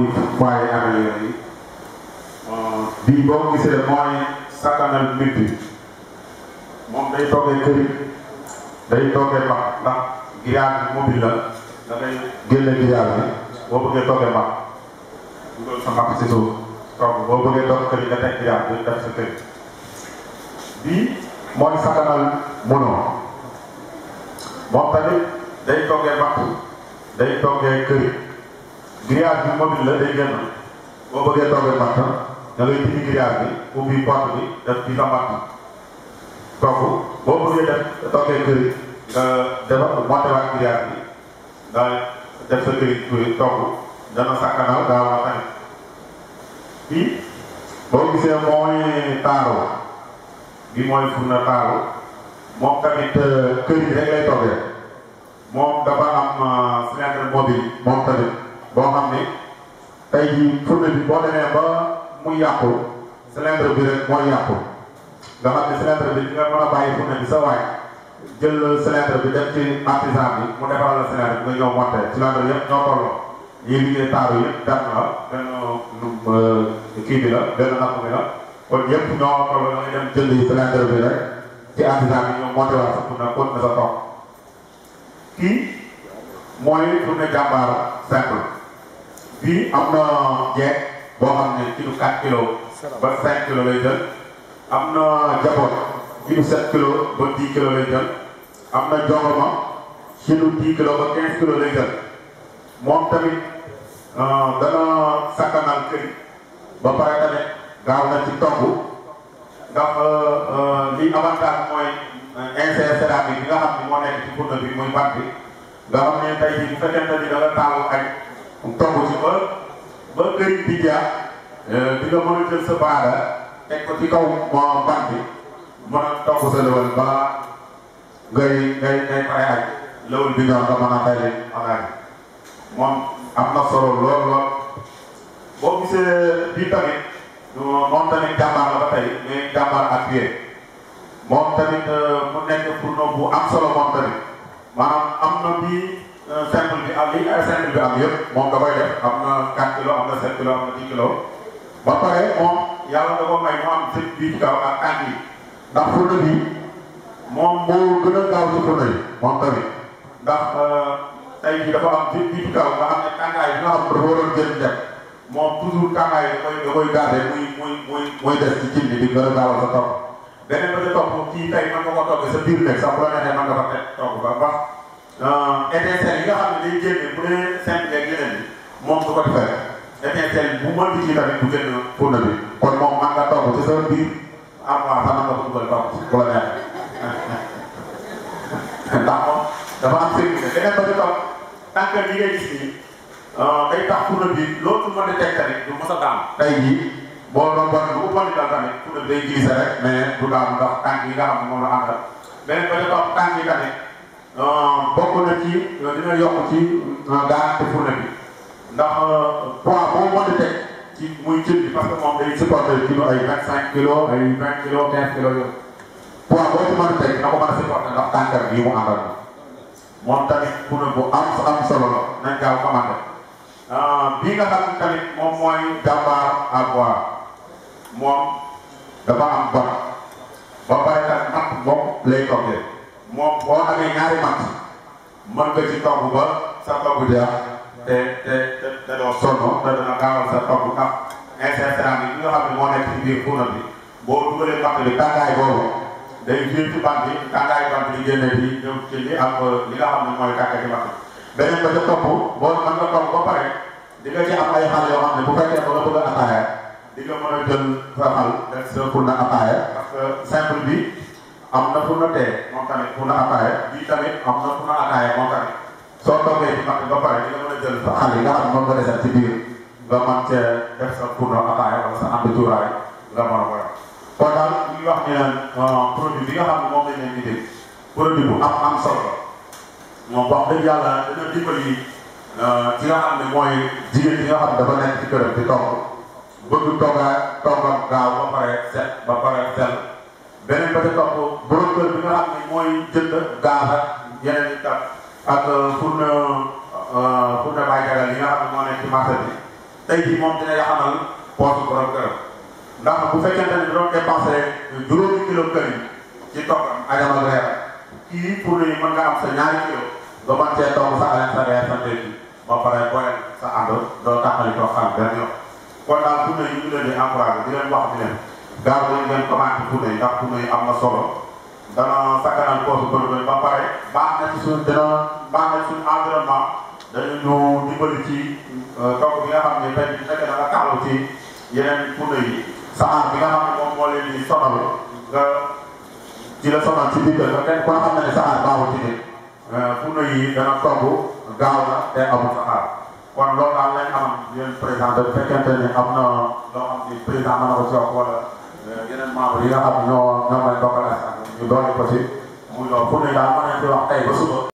muy point yi amee yooyu bii boo gisee mooy sakkanal nit yi moom day toggee këri day toggee bax ndax giraar bi mobile la da ngay génne giraar bi boo bëggee toggee bax dugal sa bax si suuf togg boo bëggee togg këri nga teg giraar bi def sa këri bii mooy sakkanal mënoo moom tamit day toggee bax day grillage bi la day génn boo bëggee toogee matt da ngay dindi grillage bi ubbi porte bi def ci sa matt toog def toogee kër nga defar monté waat grillage bi nga def sa kër yi toog dana sakkanal daa war a tane fii mooy taaroo bi mooy furna taaroo moom tamit euh, kër yi rek lay toogee moom boo xam ne tey jii fourne bi boo demee ba muy yàqu cylindre bi rek mooy yàqu nga xam ne bi di nga mën a bàyyi fourne bi sa waay jël cylindre bi def ci artisan bi mu defaral la cylindre bi nga ñëw monté cylindre yëpp ñoo tolloo ñii liggéey euh, kii bi la ñoo tolloo nga dem jël yi cylindre bi rek ci artisan bi ñëw monté waat sa fourne kon na sa toog kii mooy fourne jàmbaar simple fii am na jeeg boo xam ne kilo 4 kilos ba 5 kilos lay am na jaboot kilo 7 kilos ba 10 kilos lay am na jongoma kilo 10 kilos ba 15 kilos lay moom tamit euh, dana sakkanal kër ba pare tamit gaaw na ci togg ndax euh, euh, li avantage mooy insert céramique bi nga xam ne moo nekk ci fourneau bi muy bant bi nga xam ne tey jii bu fekkente ni dala taawu añ mu tomb ci ba ba këriñ bi jaax euh, di nga mën a jël sa baara teg ko ci kaw moo ban bi mën a tomb sa lëwal ba ngay ngay ngay pare ak lëwal bi nga xam ne mën a xayma xanaa moom am na solo lool lool boo gisee bii tamit moom tamit jàmbaar la ba tey mais jàmbaar ak pied moom tamit euh, mu nekk pour bu am solo moom tamit maanaam am na bii. Euh, simple bi am ah, lii ay euh, bi am yëpp moom def am na 4 am na 7 kilos am na 10 kilos ba pare moom yàlla da ko may mu am sëñ bii kaw ak ànd yi ndax fourne bi moom moo gën a gaaw ci fourne yi moom tamit ndax euh, tey jii dafa am sëñ bii kaw nga xam ne tàngaay bi nga xam ne dafa waroon jënd dem moom toujours tàngaay da koy da des ci cin bi di gën a gaawal sa topp beneen ba ca topp kii tey mën nga ko toggee sa biir nekk sax bu la nga fa teg togg ba Euh, étincelle yi nga xam ne day génne bu dee cinq yeeg yeneen yi moom du ko defee étincelle bu di kii tamit du génn pour na bi moom man nga toog ci sa am waa sax nga ko dugal toog ci ku la neex ndax moom dafa am sécurité beneen ba ci toog tant que li ngay gis nii euh, day tax pour na bi di teg tamit du mos a daam tey jii boo doon bon bu ëppoon bi day glissé rek mais du daam ndax tànk yi moom la àndal beneen ba ci toog tànk Euh, bokk na ci euh, dina yokk ci gaz fourne bi ndax euh, poids boo mën a teg ci muy jël bi parce que moom day supporter kilo ay vingt cinq kilos ay vingt kilos quinze kilos yooyu poids boo ci mën a teg na ko mën a supporter ndax tànkar bi mu àndal moom tamit fourne bu am solo la nañ gaaw commandé bii nga xam tamit moom mooy gàmbaar avoir moom dafa am bor ba pare tam napp moom lay moom boo amee ñaari mag mën nga ci togg ba sa togg di am te te te doo sonn te dana gaawal sa togg ndax incertain bi nga xam ne moo nekk ci biir puuna bi boo dugalee bant bi tàngaay boobu day jiitu bant bi tàngaay bant bi génne bi ñëw ci li ak li nga xam ne mooy tàngaay bant bi. beneen ba ca topp boo mën nga togg ba pare di ci am ay xal yoo xam ne bu fekkee ba nga bëgg a ataaya di mën a jël sa xal def sa puuna ataaya parce que simple na tamit mun a ataaya bii tamit am na mun a ataaya moom tamit soo toogee ci matt ba pare di nga mën a jël sa xal yi nga xam ne moom nga desal ci biir nga mën cee def sa pour ataaya wala sa ànd tuuraay nga mën a koy kon daal li ñuy wax ñu euh, naan produit bi nga xam ne moom lañ leen di dégg produit bu am am solo moom wax dëgg yàlla dina dimbali ci euh, nga xam ne mooy jigéen bi nga xam ne dafa nekk ci këram di togg bëgg togga toggam gaaw ba pare set ba pare sell beneen ba ca topp chauffeur bi nga xam ne mooy jënd gaaf ak yeneen i tam ak kilo euh, kër euh, yi ci toggam ajamal reer kii fourne yi mën am sa ñaari kilo doo mën cee togg sa aleen sa reer sa ndékki ba pare boole sa ànd doo tàqali toog xam benn yoon kon daal fourne yi ñu ngi leen di encouragé di leen wax di leen gaaw leen ngeen commandé fourne yi ndax fourne am na dana sakkanal koosu ba pare baax na ci suñ dana baax na ci suñ environnement dañu dimbali ci euh, toog bi nga ne tey bu fekkee dafa taxaw ci yeneen poudre yi saxaar bi nga xam ne moom moo leen di sonal nga ci la sonal ci biir kër ba kenn ku ne xam na ne saxaar baaxul ci nit poudre euh, yi dana togg gaaw na te amul saxaar daal lañ am yéen présenté bu fekkente ne am na loo xam ne président mën na ko jox wala euh, yeneen membres yi nga xam ne ñoo ñoo may ñu doon ko ci mu ñëw ku ne daal mën nañ ci wax tey ba suba.